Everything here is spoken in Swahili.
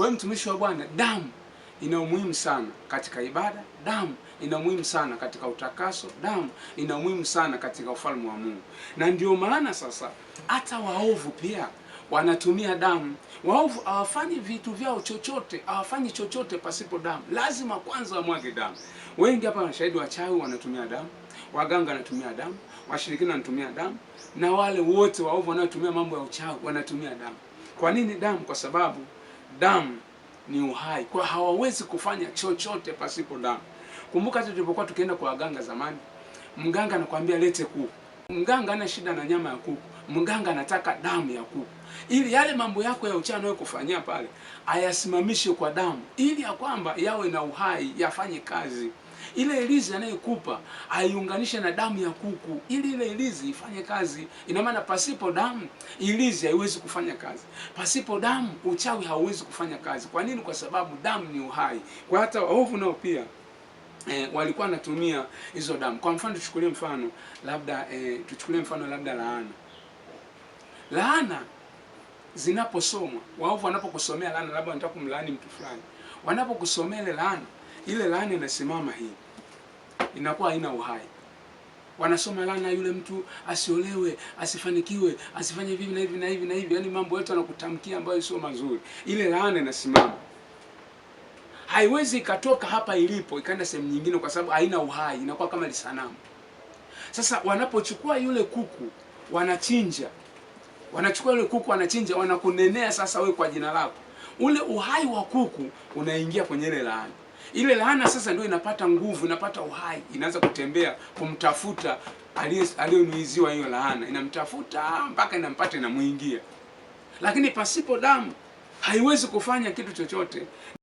Kwa hiyo mtumishi wa Bwana, damu ina umuhimu sana katika ibada, damu ina umuhimu sana katika utakaso, damu ina umuhimu sana katika ufalme wa Mungu. Na ndio maana sasa hata waovu pia wanatumia damu. Waovu hawafanyi vitu vyao chochote, hawafanyi chochote pasipo damu, lazima kwanza wamwage damu. Wengi hapa washahidi, wachawi wanatumia damu, waganga wanatumia damu, washirikina wanatumia damu, na wale wote waovu wanaotumia mambo ya uchawi wanatumia damu. Kwa nini damu? Kwa sababu damu ni uhai, kwa hawawezi kufanya chochote pasipo damu. Kumbuka hata tulipokuwa tukienda kwa waganga zamani, mganga anakuambia lete kuku. Mganga ana shida na nyama ya kuku, mganga anataka damu ya kuku, ili yale mambo yako ya uchana wewe kufanyia pale ayasimamishe kwa damu, ili ya kwamba yawe na uhai, yafanye kazi ile ilizi anayekupa aiunganishe na damu ya kuku ili ile ilizi ifanye kazi. Ina maana pasipo damu ilizi haiwezi kufanya kazi, pasipo damu uchawi hauwezi kufanya kazi. Kwa nini? Kwa sababu damu ni uhai. Kwa hata waovu nao pia E, walikuwa wanatumia hizo damu. Kwa mfano tuchukulie mfano labda e, tuchukulie mfano labda laana. Laana zinaposomwa, waovu wanapokusomea laana, labda wanataka kumlaani mtu fulani, wanapokusomea ile laana ile laana inasimama hii, inakuwa haina uhai. Wanasoma laana, yule mtu asiolewe, asifanikiwe, asifanye vivi na hivi na hivi na hivi, yaani mambo yote anakutamkia ambayo sio mazuri. Ile laana inasimama, haiwezi ikatoka hapa ilipo ikaenda sehemu nyingine, kwa sababu haina uhai, inakuwa kama ni sanamu. Sasa wanapochukua yule kuku wanachinja, wanachukua yule kuku wanachinja, wanakunenea sasa wewe kwa jina lako, ule uhai wa kuku unaingia kwenye ile laana. Ile laana sasa ndio inapata nguvu, inapata uhai, inaanza kutembea kumtafuta aliyonuiziwa hiyo laana, inamtafuta mpaka inampata, inamwingia. Lakini pasipo damu haiwezi kufanya kitu chochote.